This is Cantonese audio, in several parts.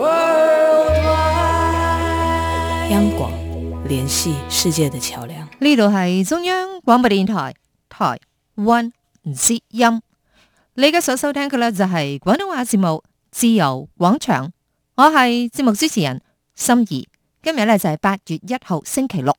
Worldwide、央廣聯繫世界的橋梁，呢度係中央廣播電台台灣之音，你而家所收聽嘅呢就係廣東話節目自由廣場，我係節目主持人心儀，今日呢就係、是、八月一號星期六，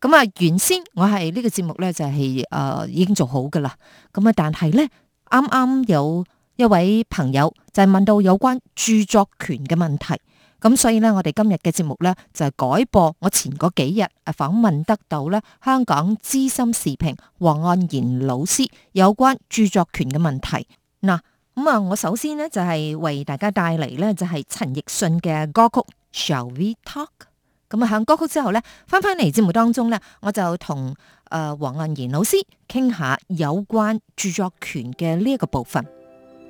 咁啊原先我係呢個節目呢就係、是、誒、呃、已經做好噶啦，咁啊但係呢啱啱有。一位朋友就係問到有關著作權嘅問題，咁所以呢，我哋今日嘅節目呢，就係改播我前嗰幾日啊訪問得到呢香港資深時評王岸然老師有關著作權嘅問題嗱。咁啊，我首先呢，就係為大家帶嚟呢，就係陳奕迅嘅歌曲《Shall We Talk》。咁啊，響歌曲之後呢，返返嚟節目當中呢，我就同誒王岸然老師傾下有關著作權嘅呢一個部分。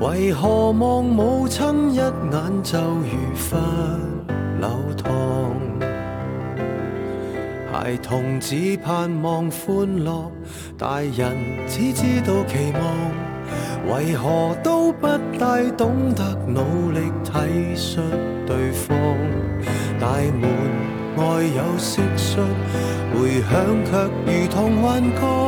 為何望母親一眼就如罰留堂？孩童只盼望歡樂，大人只知道期望。為何都不大懂得努力體恤對方？大門外有蟋蟀，回響卻如同幻覺。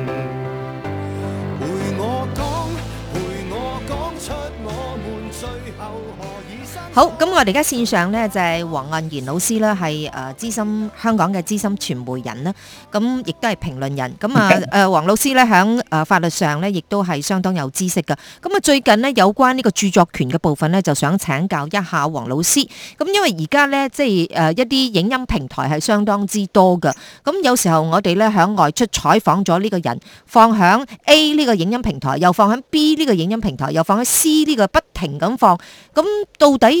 好，咁我哋而家線上咧就係王岸然老師啦，係誒資深香港嘅資深傳媒人啦，咁亦都係評論人，咁啊誒黃老師咧響誒法律上咧亦都係相當有知識噶，咁啊最近咧有關呢個著作權嘅部分咧就想請教一下黃老師，咁因為而家咧即係誒一啲影音平台係相當之多噶，咁有時候我哋咧響外出採訪咗呢個人放響 A 呢個影音平台，又放響 B 呢個影音平台，又放喺 C 呢個不停咁放，咁到底？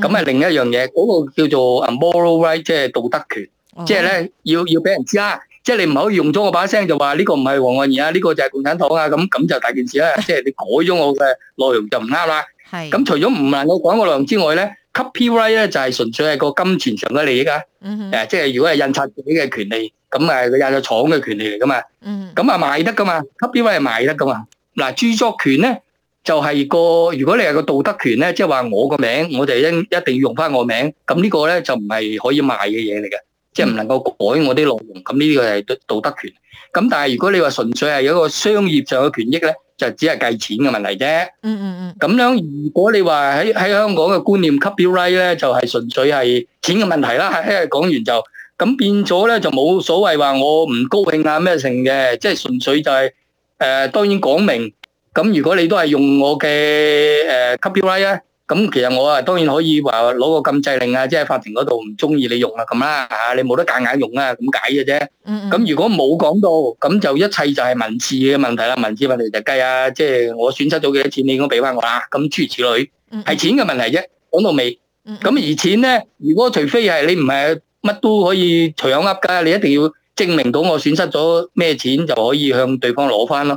咁啊，另一樣嘢，嗰個叫做啊 moral right，即係道德權，即係咧要要俾人知啦。即係你唔可以用咗我把聲就話呢個唔係王岸然啊，呢個就係共產黨啊，咁咁就大件事啦。即係你改咗我嘅內容就唔啱啦。係。咁除咗唔能夠講個內容之外咧，copyright 咧就係純粹係個金錢上嘅利益啊。嗯。誒，即係如果係印刷者嘅權利，咁啊佢有咗廠嘅權利嚟噶嘛。嗯。咁啊賣得噶嘛，copyright 係賣得噶嘛。嗱，著作權咧。就係個，如果你係個道德權咧，即係話我個名，我哋應一定要用翻我名。咁呢個咧就唔係可以賣嘅嘢嚟嘅，即係唔能夠改我啲內容。咁呢個係道德權。咁但係如果你話純粹係有一個商業上嘅權益咧，就只係計錢嘅問題啫。嗯嗯嗯。咁樣如果你話喺喺香港嘅觀念 copyright 咧，就係純粹係錢嘅問題啦。一講完就咁變咗咧，就冇所謂話我唔高興啊咩成嘅，即係純粹就係誒當然講明。咁如果你都係用我嘅誒 copy right 咧，咁其實我啊當然可以話攞個禁制令啊，即係法庭嗰度唔中意你用啦咁啦嚇，你冇得夾硬用啊，咁解嘅啫。咁如果冇講到，咁就一切就係民事嘅問題啦，民事問題就計啊，即係我損失咗幾多錢，你應該俾翻我啊，咁諸如此類，係錢嘅問題啫。講到尾，咁而錢咧，如果除非係你唔係乜都可以搶厄㗎，你一定要證明到我損失咗咩錢就可以向對方攞翻咯。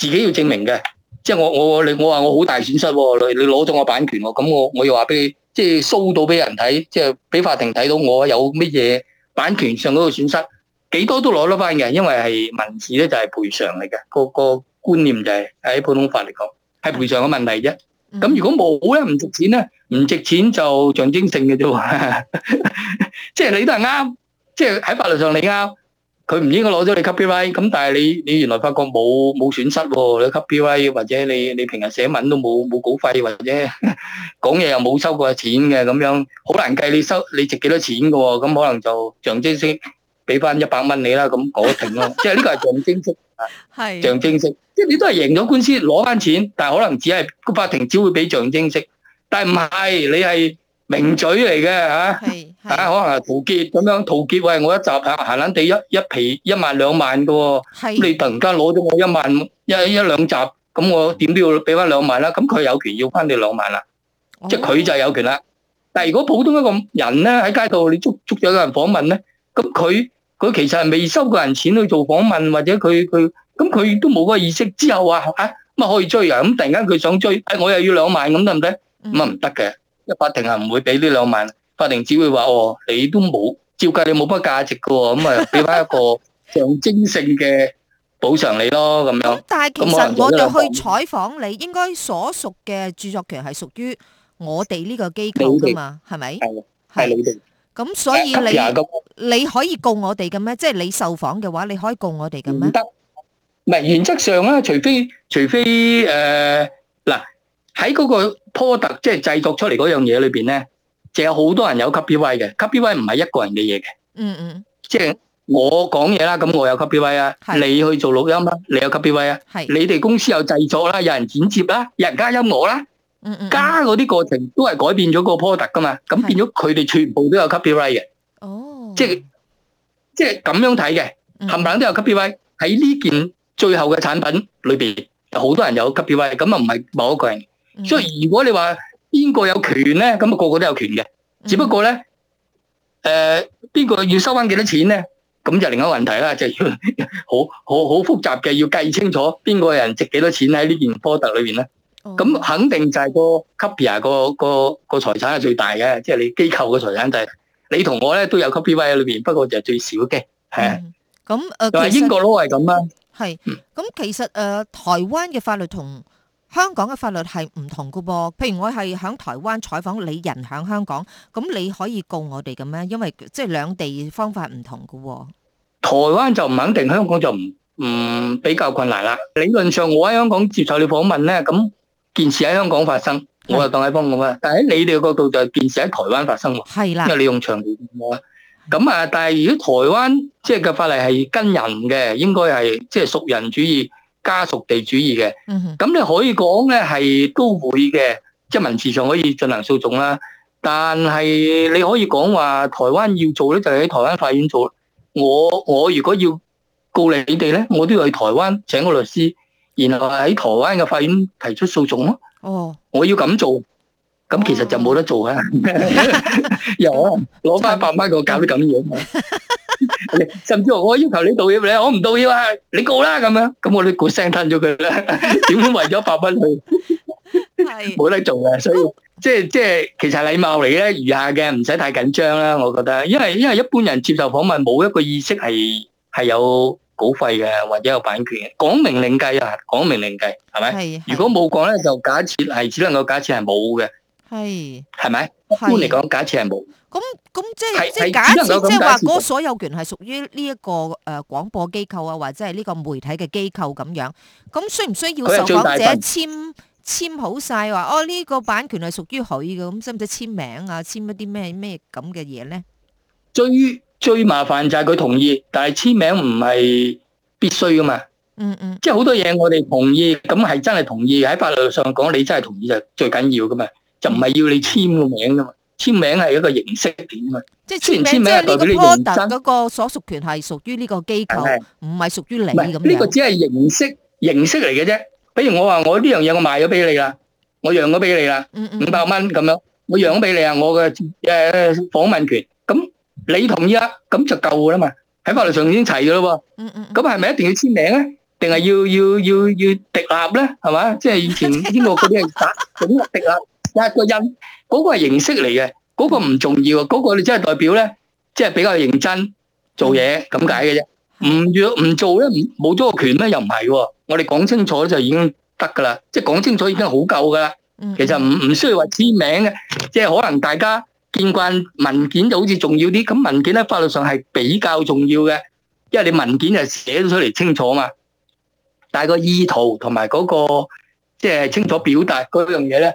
自己要證明嘅，即係我我你我話我好大損失喎、哦，你你攞咗我版權喎、哦，咁我我又話俾你，即係騷到俾人睇，即係俾法庭睇到我有乜嘢版權上嗰個損失，幾多都攞得翻嘅，因為係民事咧就係賠償嚟嘅，個、那個觀念就係喺普通法嚟講係賠償嘅問題啫。咁如果冇咧唔值錢咧，唔值錢就象徵性嘅啫喎，即係你都係啱，即係喺法律上你啱，佢唔應該攞咗你 copy 咁，但係你你原來發覺冇冇損失喎，你 copy 或者你你平日寫文都冇冇稿費或者講嘢又冇收過錢嘅咁樣，好難計你收你值幾多錢嘅喎，咁可能就象徵式俾翻一百蚊你啦，咁攞停咯，即係呢個係象徵式啊，係象徵式，即係你都係贏咗官司攞翻錢，但係可能只係個法庭只會俾象徵式，但係唔係你係。名嘴嚟嘅吓，吓、啊、可能係陶傑咁樣，陶傑喂我一集行行撚地一一皮一萬兩萬嘅，咁你突然間攞咗我一萬一一兩集，咁我點都要俾翻兩萬啦？咁佢有權要翻你兩萬啦，即係佢就係有權啦。但係如果普通一個人咧喺街度，你捉捉咗個人訪問咧，咁佢佢其實係未收過人錢去做訪問，或者佢佢咁佢都冇嗰個意識之後啊，啊咁啊可以追啊？咁突然間佢想追、哎，我又要兩萬咁得唔得？咁啊唔得嘅。法庭係唔會俾呢兩萬，法庭只會話哦，你都冇，照計你冇乜價值噶喎，咁啊俾翻一個象徵性嘅補償你咯，咁樣。咁但係其實我哋去採訪你，應該所屬嘅著作權係屬於我哋呢個機構噶嘛，係咪？係，係你哋。咁所以你，你可以告我哋嘅咩？即係你受訪嘅話，你可以告我哋嘅咩？唔得，唔係原則上啊，除非除非誒嗱。喺嗰個 product 即係製作出嚟嗰樣嘢裏邊咧，就有好多人有 copyright 嘅。copyright 唔係一個人嘅嘢嘅。嗯嗯，即係我講嘢啦，咁我有 copyright 啊。係。你去做錄音啦，你有 copyright 啊。係。你哋公司有製作啦，有人剪接啦，有人加音樂啦。嗯嗯。加嗰啲過程都係改變咗個 product 㗎嘛，咁變咗佢哋全部都有 copyright 嘅。哦。即係即係咁樣睇嘅，冚唪唥都有 copyright。喺呢件最後嘅產品裏邊，有好多人有 copyright，咁啊唔係某一個人。嗯、所以如果你話邊個有權咧，咁啊個個都有權嘅。只不過咧，誒邊個要收翻幾多錢咧？咁就另一個問題啦， 就要好好好複雜嘅，要計清楚邊個人值幾多錢喺呢件波特裏面咧。咁、嗯嗯、肯定就係個 copy 啊，個、那個個財產係最大嘅，即、就、係、係、你機構嘅財產就係你同我咧都有 copy 位喺裏面，不過就係最少嘅。係。咁、嗯、誒，同、嗯、埋、呃、英國佬係咁啊。係、嗯。咁其實、呃、台灣嘅法律同。香港嘅法律係唔同嘅噃，譬如我係喺台灣採訪，你人喺香港，咁你可以告我哋嘅咩？因為即係、就是、兩地方法唔同嘅喎。台灣就唔肯定，香港就唔唔比較困難啦。理論上我喺香港接受你訪問咧，咁件事喺香港發生，我就當係幫我嘛。但喺你哋嘅角度就係件事喺台灣發生喎，因為你用長途電話。咁啊，但係如果台灣即係嘅法例係跟人嘅，應該係即係屬人主義。家屬地主義嘅，咁你可以講咧係都會嘅，即係文字上可以進行訴訟啦。但係你可以講話，台灣要做咧就喺台灣法院做。我我如果要告你哋咧，我都要去台灣請個律師，然後喺台灣嘅法院提出訴訟咯。哦，我要咁做，咁其實就冇得做啊！有，攞翻百蚊個搞啲咁樣。甚至我我要求你道歉咧，我唔道歉啊！你告啦咁樣，咁我哋鼓聲吞咗佢啦。點都為咗百蚊去冇得做嘅，所以即係即係，其實禮貌嚟咧，餘下嘅唔使太緊張啦。我覺得，因為因為一般人接受訪問冇一個意識係係有稿費嘅，或者有版權嘅。講明另計啊，講明另計，係咪？係啊。如果冇講咧，就假設係只能夠假設係冇嘅。係係咪？一般嚟講，假設係冇。咁咁即係即係假設，即係話嗰所有權係屬於呢一個誒廣播機構啊，或者係呢個媒體嘅機構咁樣。咁需唔需要受訪者簽簽好晒話？哦呢個版權係屬於佢嘅，咁使唔使簽名啊？簽一啲咩咩咁嘅嘢咧？最最麻煩就係佢同意，但係簽名唔係必須噶嘛。嗯嗯。即係好多嘢我哋同意，咁係真係同意喺法律上講，你真係同意就最緊要噶嘛。就唔係要你簽個名噶嘛？簽名係一個形式點啊？即係簽名，即係呢個代表嗰個所屬權係屬於呢個機構，唔係屬於你咁樣。唔係，呢個只係形式，形式嚟嘅啫。比如我話我呢樣嘢我賣咗俾你啦，我讓咗俾你啦，五百蚊咁樣，我讓咗俾你啊，我嘅誒訪問權，咁你同意啊，咁就夠啦嘛。喺法律上已經齊咗咯喎。嗯嗯，咁係咪一定要簽名咧？定係要要要要疊合咧？係嘛？即係以前英國嗰啲人打嗰啲疊合。一個印，嗰個係形式嚟嘅，嗰個唔重要，嗰個你真係代表咧，即係比較認真做嘢咁解嘅啫。唔做唔做咧，冇咗個權咧，又唔係。我哋講清楚就已經得噶啦，即係講清楚已經好夠噶啦。其實唔唔需要話簽名嘅，即係可能大家見慣文件就好似重要啲。咁文件呢，法律上係比較重要嘅，因為你文件就寫咗出嚟清楚啊嘛。但係個意圖同埋嗰個即係清楚表達嗰樣嘢咧。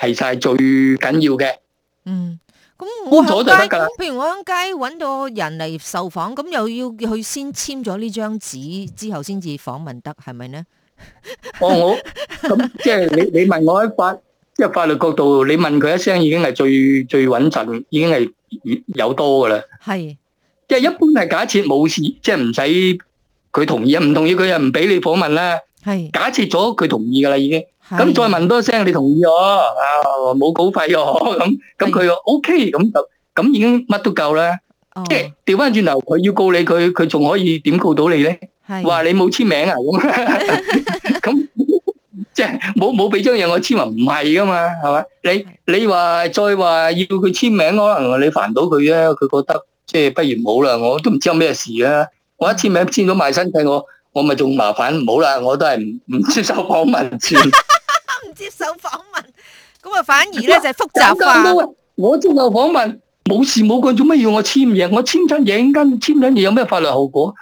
其實係最緊要嘅。嗯，咁我響街，譬如我響街揾到人嚟受訪，咁又要去先簽咗呢張紙之後先至訪問得，係咪呢？哦，我咁即係你你問我喺法，即係法律角度，你問佢一聲已經係最最穩陣，已經係有多噶啦。係，即係一般係假設冇事，即係唔使佢同意啊，唔同意佢又唔俾你訪問啦。係，假設咗佢同意噶啦，已經。咁再問多聲，你同意哦？啊，冇稿費哦，咁咁佢又 OK，咁就咁已經乜都夠啦。即係調翻轉頭，佢要告你，佢佢仲可以點告到你咧？話你冇簽名啊？咁，咁即係冇冇俾張嘢我簽啊？唔係噶嘛，係嘛？你你話再話要佢簽名，可能你煩到佢啊？佢覺得即係不如冇啦。我都唔知有咩事啊！我一簽名簽到賣身契，我。我咪仲麻煩，唔好啦，我都係唔唔接受訪問，唔 接受訪問，咁啊反而咧就係、是、複雜化。等等我接受訪問，冇事冇幹，做咩要我簽嘢？我簽親嘢，跟簽親嘢有咩法律後果？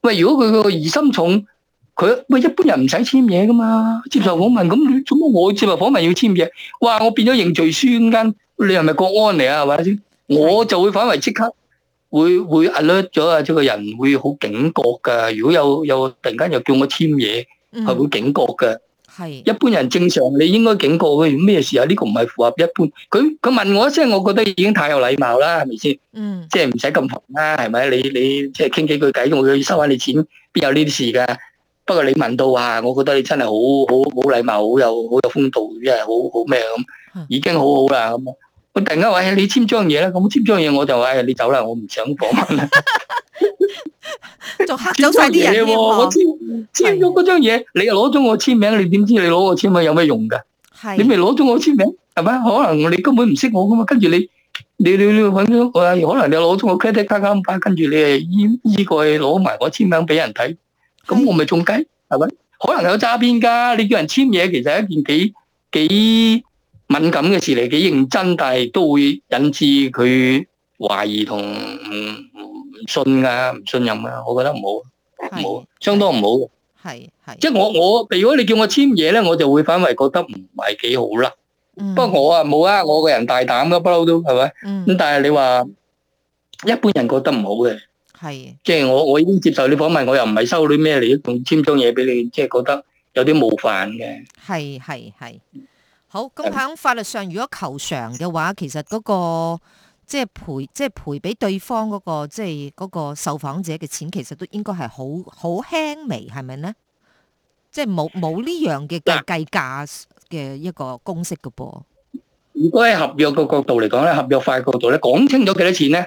喂，如果佢個疑心重，佢喂一般人唔使簽嘢噶嘛？接受訪問咁，做乜我接受訪問要簽嘢？哇，我變咗認罪書咁，你係咪國安嚟啊？係咪先？我就會反為即刻。會會 alert 咗啊！即係個人會好警覺噶。如果有有突然間又叫我簽嘢，係會警覺嘅。係一般人正常，你應該警覺嘅。咩事啊？呢個唔係符合一般。佢佢問我一聲，我覺得已經太有禮貌啦，係咪先？嗯，即係唔使咁煩啦，係咪？你你即係傾幾句偈，我要收下你錢，邊有呢啲事噶？不過你問到啊，我覺得你真係好好好禮貌，好有好有風度，即係好好咩咁，已經好好啦咁。我突然間話：誒，你簽張嘢啦，咁簽張嘢我就話：誒，你走啦，我唔想講啦，就嚇走晒啲人咯。我簽簽咗嗰張嘢，你又攞咗我簽名，你點知你攞我簽名有咩用噶？係你咪攞咗我簽名，係咪？可能你根本唔識我噶嘛？跟住你你你你搵咗，可能你攞咗我 credit card 咁把，跟住你又依依個攞埋我簽名俾人睇，咁我咪中計，係咪？可能有詐邊噶？你叫人簽嘢，其實一件幾幾。敏感嘅事嚟，幾認真，但係都會引致佢懷疑同唔信噶唔信任啊，我覺得唔好，唔好，相當唔好。係係，即係我我，如果你叫我簽嘢咧，我就會反為覺得唔係幾好啦。不過我啊冇啊，我個人大膽噶不嬲都係咪？咁但係你話一般人覺得唔好嘅，係，即係我我已經接受你訪問，我又唔係收你咩嚟，仲簽張嘢俾你，即係覺得有啲冒犯嘅，係係係。好，咁喺法律上，如果求償嘅話，其實嗰個即係賠，即係賠俾對方嗰個即係嗰個受訪者嘅錢，其實都應該係好好輕微，係咪呢？即係冇冇呢樣嘅計計價嘅一個公式嘅噃。如果喺合約嘅角度嚟講咧，合約法嘅角度咧，講清楚幾多錢呢？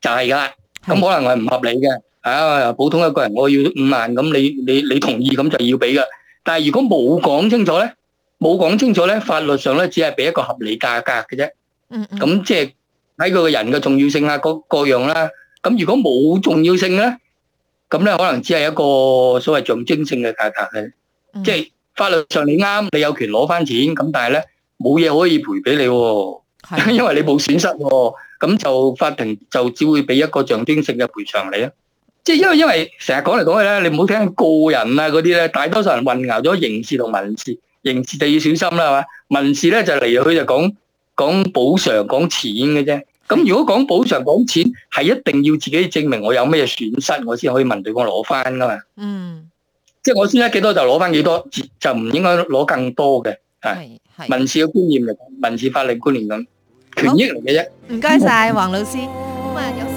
就係噶啦。咁可能係唔合理嘅。啊，普通一個人我要五萬，咁你你你同意咁就要俾噶。但係如果冇講清楚咧？冇講清楚咧，法律上咧只係俾一個合理價格嘅啫。嗯，咁即係睇佢個人嘅重要性啊，各各樣啦。咁如果冇重要性咧，咁咧可能只係一個所謂象徵性嘅價格嘅。即係法律上你啱，你有權攞翻錢。咁但係咧冇嘢可以賠俾你，因為你冇損失。咁就法庭就只會俾一個象徵性嘅賠償你啊。即係因為因為成日講嚟講去咧，你唔好聽個人啊嗰啲咧，大多數人混淆咗刑事同民事。刑事就要小心啦，係嘛？民事咧就嚟去就講講補償、講錢嘅啫。咁如果講補償、講錢，係一定要自己證明我有咩損失，我先可以問對方攞翻噶嘛。嗯，即係我先得幾多就攞翻幾多，就唔應該攞更多嘅。係係。民事嘅觀念嚟講，民事法律觀念咁權益嚟嘅啫。唔該晒，王老師。嗯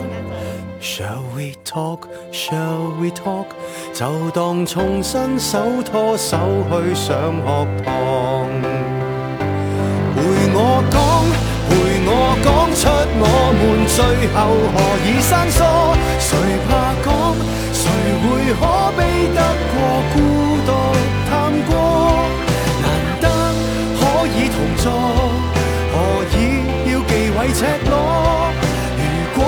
Shall we talk? Shall we talk? 就當重新手拖手去上學堂，陪我。陪我講，陪我講出我們最後何以生疏。誰怕講？誰會可悲到？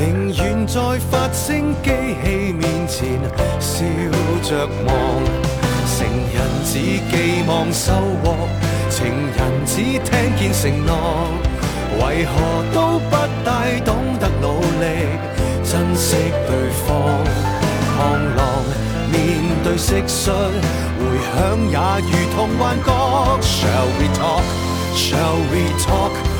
寧願在發聲機器面前笑着望，成人只寄望收穫，情人只聽見承諾，為何都不大懂得努力珍惜對方？螳螂面對蟋蟀回響也如同幻覺。Shall we talk? Shall we talk?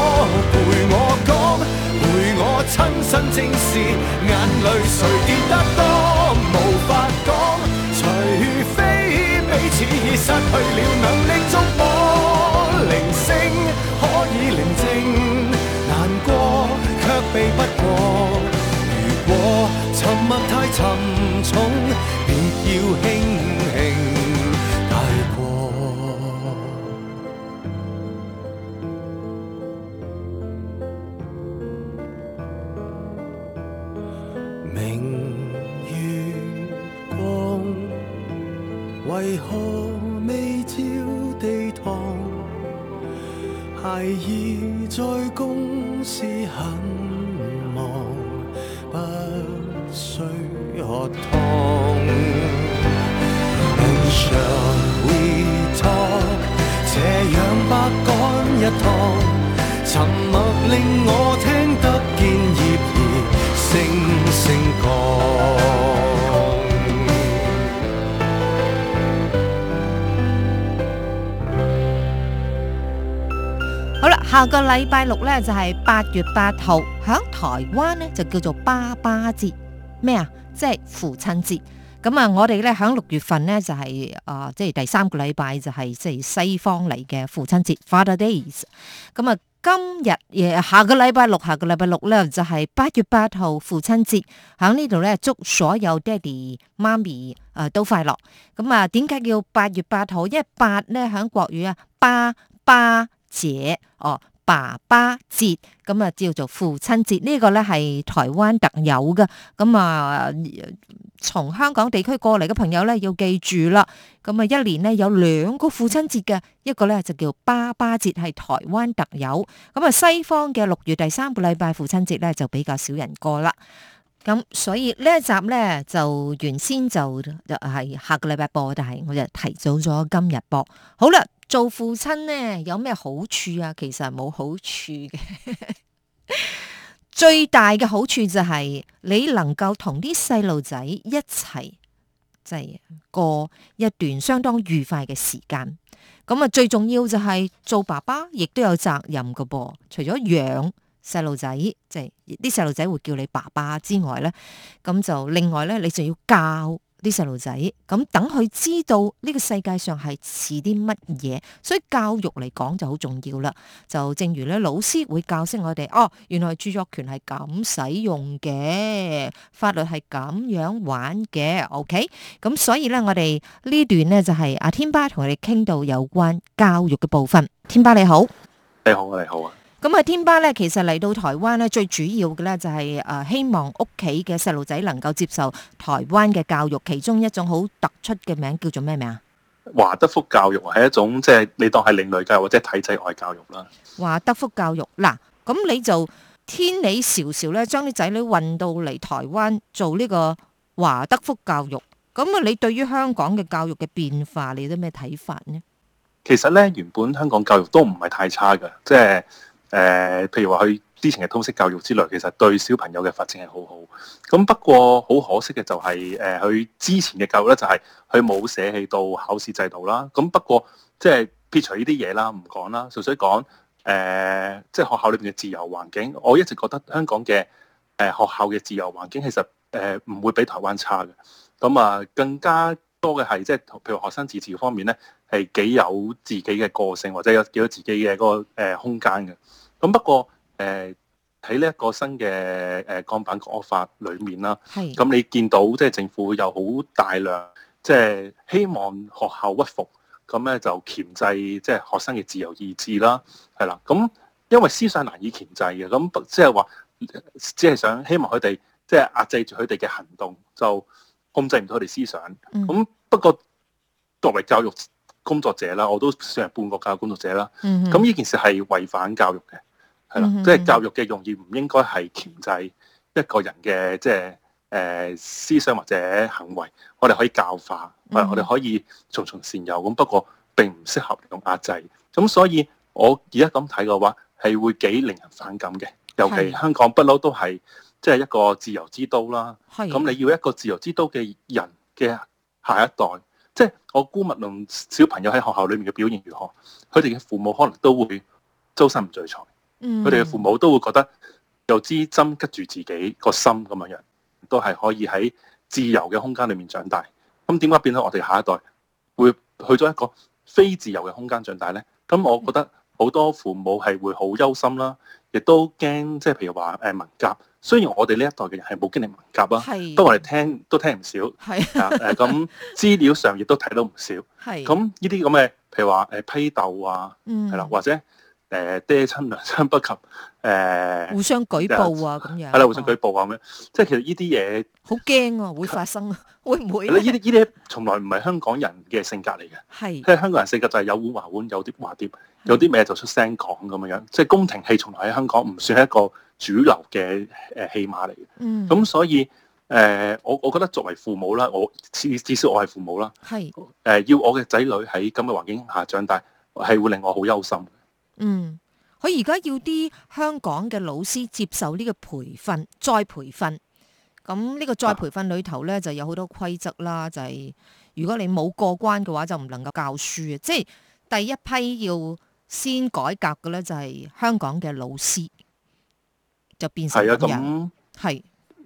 陪我講，陪我親身正視，眼淚誰跌得多，無法講。除非彼此已失去了能力觸摸，鈴聲可以寧靜，難過卻避不。好啦，下個禮拜六咧就係八月八號，響台灣咧就叫做爸爸節。咩啊？即係父親節。咁啊，我哋咧響六月份咧就係啊、呃，即係第三個禮拜就係即係西方嚟嘅父親節 Father Days 咁啊，今日下個禮拜六，下個禮拜六咧就係八月八號父親節。響呢度咧祝所有爹哋媽咪啊、呃、都快樂。咁啊，點解叫八月八號？因為八咧響國語啊，爸爸。姐哦，爸爸節，咁啊，叫做父親節，呢個咧係台灣特有嘅。咁啊，從香港地區過嚟嘅朋友咧要記住啦。咁啊，一年呢，有兩個父親節嘅，一個咧就叫爸爸節，係台灣特有。咁啊，西方嘅六月第三個禮拜父親節咧就比較少人過啦。咁所以呢一集咧就原先就係下個禮拜播，但係我就提早咗今日播。好啦，做父親呢，有咩好處啊？其實冇好處嘅， 最大嘅好處就係、是、你能夠同啲細路仔一齊，即、就、係、是、過一段相當愉快嘅時間。咁啊，最重要就係、是、做爸爸亦都有責任噶噃，除咗養。細路仔，即係啲細路仔會叫你爸爸之外咧，咁就另外咧，你就要教啲細路仔，咁等佢知道呢個世界上係似啲乜嘢，所以教育嚟講就好重要啦。就正如咧，老師會教識我哋，哦，原來著作權係咁使用嘅，法律係咁樣玩嘅。OK，咁所以咧，我哋呢段呢，就係阿天巴同我哋傾到有關教育嘅部分。天巴你好，你好，你好啊。咁啊，天巴咧，其實嚟到台灣咧，最主要嘅咧就係、是呃、希望屋企嘅細路仔能夠接受台灣嘅教育。其中一種好突出嘅名叫做咩名啊？華德福教育係一種即係、就是、你當係另類教育或者體制外教育啦。華德福教育嗱，咁你就千里迢迢咧，將啲仔女運到嚟台灣做呢個華德福教育。咁啊，你對於香港嘅教育嘅變化，你有啲咩睇法呢？其實咧，原本香港教育都唔係太差嘅，即係。誒、呃，譬如話佢之前嘅通識教育之類，其實對小朋友嘅發展係好好。咁不過好可惜嘅就係、是，誒、呃、佢之前嘅教育咧就係佢冇捨棄到考試制度啦。咁不過即係、就是、撇除呢啲嘢啦，唔講啦，純粹講誒，即、呃、係、就是、學校裏面嘅自由環境。我一直覺得香港嘅誒、呃、學校嘅自由環境其實誒唔、呃、會比台灣差嘅。咁啊，更加多嘅係即係譬如學生自治方面咧，係幾有自己嘅個性，或者有幾有自己嘅嗰個空間嘅。咁不過誒喺呢一個新嘅誒港版國安法裏面啦，咁你見到即、就是、政府有好大量即係、就是、希望學校屈服，咁咧就鉗制即係、就是、學生嘅自由意志啦，係啦。咁因為思想難以鉗制嘅，咁即係話只係想希望佢哋即係壓制住佢哋嘅行動，就控制唔到佢哋思想。咁、嗯、不過作為教育工作者啦，我都算係半個教育工作者啦。咁、嗯、呢件事係違反教育嘅。係啦，即、mm、係 -hmm. 教育嘅用意唔應該係鉗制一個人嘅，即係誒思想或者行為。我哋可以教化，係、mm -hmm. 我哋可以循循善誘，咁。不過並唔適合用壓制咁，所以我而家咁睇嘅話係會幾令人反感嘅。尤其香港不嬲都係即係一個自由之都啦。咁你要一個自由之都嘅人嘅下一代，即、mm、係 -hmm. 我估，勿論小朋友喺學校裏面嘅表現如何，佢哋嘅父母可能都會周身唔聚財。佢哋嘅父母都會覺得有枝針拮住自己個心咁樣樣，都係可以喺自由嘅空間裏面長大。咁點解變到我哋下一代會去咗一個非自由嘅空間長大咧？咁我覺得好多父母係會好憂心啦，亦都驚即係譬如話誒文革。雖然我哋呢一代嘅人係冇經歷文革啦，係，不過我哋聽都聽唔少。係誒咁資料上亦都睇到唔少。係咁呢啲咁嘅譬如話誒、呃、批鬥啊，係、嗯、啦或者。誒、呃，爹親娘親不及誒、呃，互相舉報啊，咁樣係啦， 互相舉報啊，咁、哦、樣即係其實呢啲嘢好驚啊，會發生啊。會唔會、啊？呢啲依啲從來唔係香港人嘅性格嚟嘅，係即係香港人性格就係有碗話碗，有碟話碟，有啲咩就出聲講咁樣樣，即係宮廷戲從來喺香港唔算係一個主流嘅誒戲碼嚟嘅。咁、嗯、所以誒、呃，我我覺得作為父母啦，我至至少我係父母啦，係誒、呃，要我嘅仔女喺咁嘅環境下長大，係會令我好憂心。嗯，佢而家要啲香港嘅老師接受呢個培訓，再培訓。咁呢個再培訓裏頭咧，就有好多規則啦。就係、是、如果你冇過關嘅話，就唔能夠教書啊。即係第一批要先改革嘅咧，就係、是、香港嘅老師就變成係咁係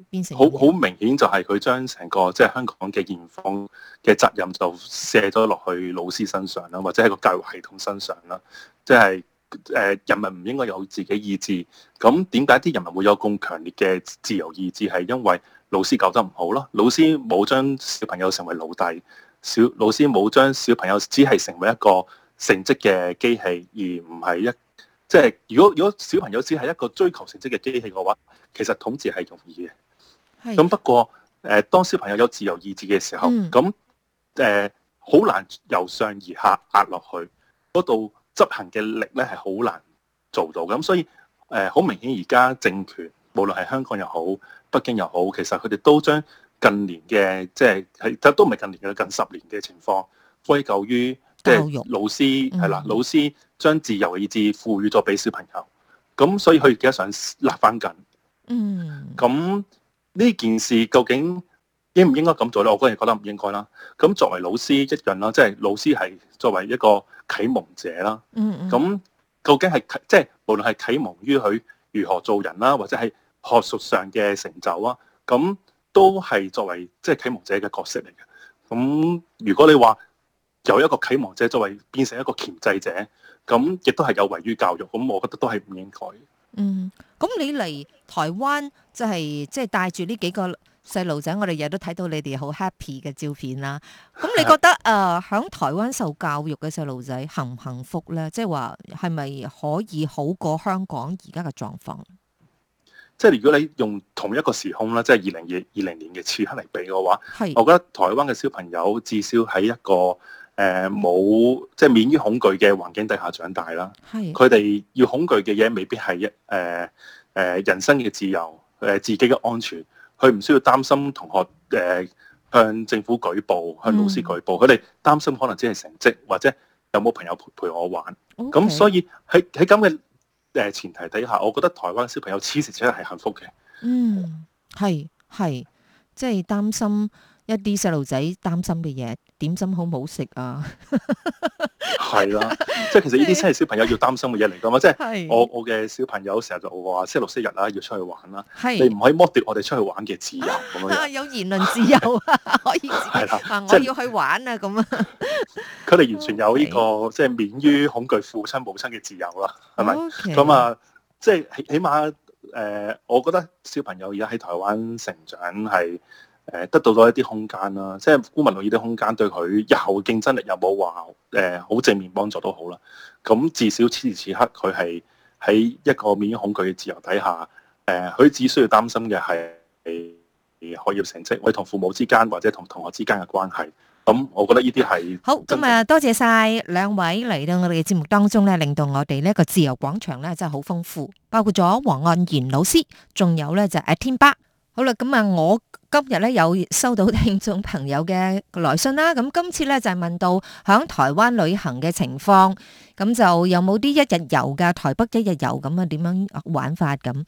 變成好好明顯就係佢將成個即係、就是、香港嘅嚴防嘅責任就卸咗落去老師身上啦，或者係個教育系統身上啦，即係。誒，人民唔應該有自己意志。咁點解啲人民會有咁強烈嘅自由意志？係因為老師教得唔好咯。老師冇將小朋友成為奴隸，小老師冇將小朋友只係成為一個成績嘅機器，而唔係一即係。就是、如果如果小朋友只係一個追求成績嘅機器嘅話，其實統治係容易嘅。咁不過，誒、呃，當小朋友有自由意志嘅時候，咁、嗯、誒，好、呃、難由上而下壓落去度。執行嘅力咧係好難做到嘅，咁所以誒好、呃、明顯而家政權無論係香港又好、北京又好，其實佢哋都將近年嘅即係係都唔係近年嘅近十年嘅情況歸咎於即係老師係啦，嗯、老師將自由意志賦予咗俾小朋友，咁所以佢而家想立翻緊。嗯，咁呢件事究竟應唔應該咁做咧？我個人覺得唔應該啦。咁作為老師一樣啦，即係老師係作為一個。啟蒙者啦，咁究竟係即係無論係啟蒙於佢如何做人啦，或者係學術上嘅成就啊，咁都係作為即係啟蒙者嘅角色嚟嘅。咁如果你話由一個啟蒙者作為變成一個鉗制者，咁亦都係有違於教育，咁我覺得都係唔應該嘅。嗯，咁你嚟台灣即係即係帶住呢幾個細路仔，我哋日日都睇到你哋好 happy 嘅照片啦。咁你覺得誒，喺、uh, 呃、台灣受教育嘅細路仔幸唔幸福咧？即係話係咪可以好過香港而家嘅狀況？即係如果你用同一個時空啦，即係二零二二零年嘅此刻嚟比嘅話，係，我覺得台灣嘅小朋友至少喺一個誒冇、呃、即係免於恐懼嘅環境底下長大啦。係佢哋要恐懼嘅嘢，未必係一誒誒人生嘅自由，誒、呃、自己嘅安全。佢唔需要擔心同學誒、呃、向政府舉報，向老師舉報，佢、嗯、哋擔心可能只係成績，或者有冇朋友陪陪我玩。咁、okay. 所以喺喺咁嘅誒前提底下，我覺得台灣小朋友此時此刻係幸福嘅。嗯，係係，即係、就是、擔心一啲細路仔擔心嘅嘢。點心好唔好食啊？係 啦、啊，即係其實呢啲真係小朋友要擔心嘅嘢嚟噶嘛，即 係、就是、我我嘅小朋友成日就話星期六星期日啦，要出去玩啦，你唔可以剝奪我哋出去玩嘅自由咁樣。 啊，有言論自由、啊、 可以自己、啊，我要去玩啊，咁啊，佢哋、就是、 完全有呢、這個即係、就是、免於恐懼父親母親嘅自由啦，係咪？咁、okay. 啊，即係起起碼誒，我覺得小朋友而家喺台灣成長係。誒，得到咗一啲空間啦，即係烏文路呢啲空間，對佢日後嘅競爭力又冇話誒，好正面幫助都好啦。咁至少此時此刻佢係喺一個免於恐懼嘅自由底下，誒，佢只需要擔心嘅係學業成績，我同父母之間或者同同學之間嘅關係。咁，我覺得呢啲係好。今日多謝晒兩位嚟到我哋嘅節目當中咧，令到我哋呢一個自由廣場咧，真係好豐富，包括咗王岸然老師，仲有咧就阿天巴。好啦，咁啊，我。今日咧有收到聽眾朋友嘅來信啦，咁今次咧就係問到響台灣旅行嘅情況，咁就有冇啲一,一日遊㗎？台北一日遊咁啊？點樣玩法咁？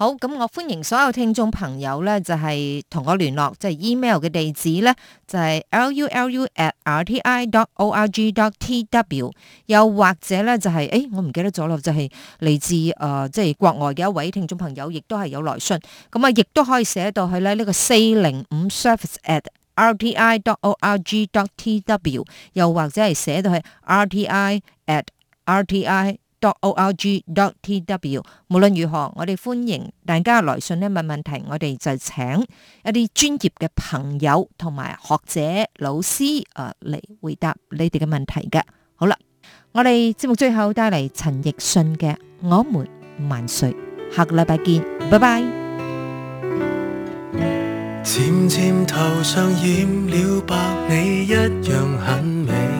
好，咁我歡迎所有聽眾朋友咧，就係同我聯絡，即係 email 嘅地址咧，就係 lulu@rti.org.tw，又或者咧就係誒，我唔記得咗咯，就係嚟自誒即係國外嘅一位聽眾朋友，亦都係有來信，咁啊，亦都可以寫到去咧呢個四零五 service@rti.org.tw，又或者係寫到去 rti@rti。d o g d o t t w 無論如何，我哋歡迎大家來信咧，問問題，我哋就請一啲專業嘅朋友同埋學者、老師啊嚟回答你哋嘅問題嘅。好啦，我哋節目最後帶嚟陳奕迅嘅《我們萬歲》，下個禮拜見，拜拜。漸漸頭上染了白，你一樣很美。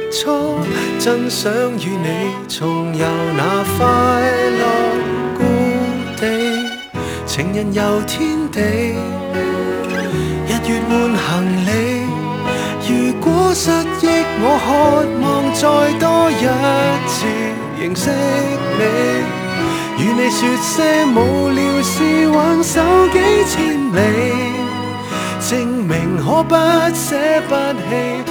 初真想與你重遊那快樂故地，情人遊天地，日月換行李。如果失憶，我渴望再多一次認識你，與你說些無聊事，挽手幾千里，證明可不捨不棄。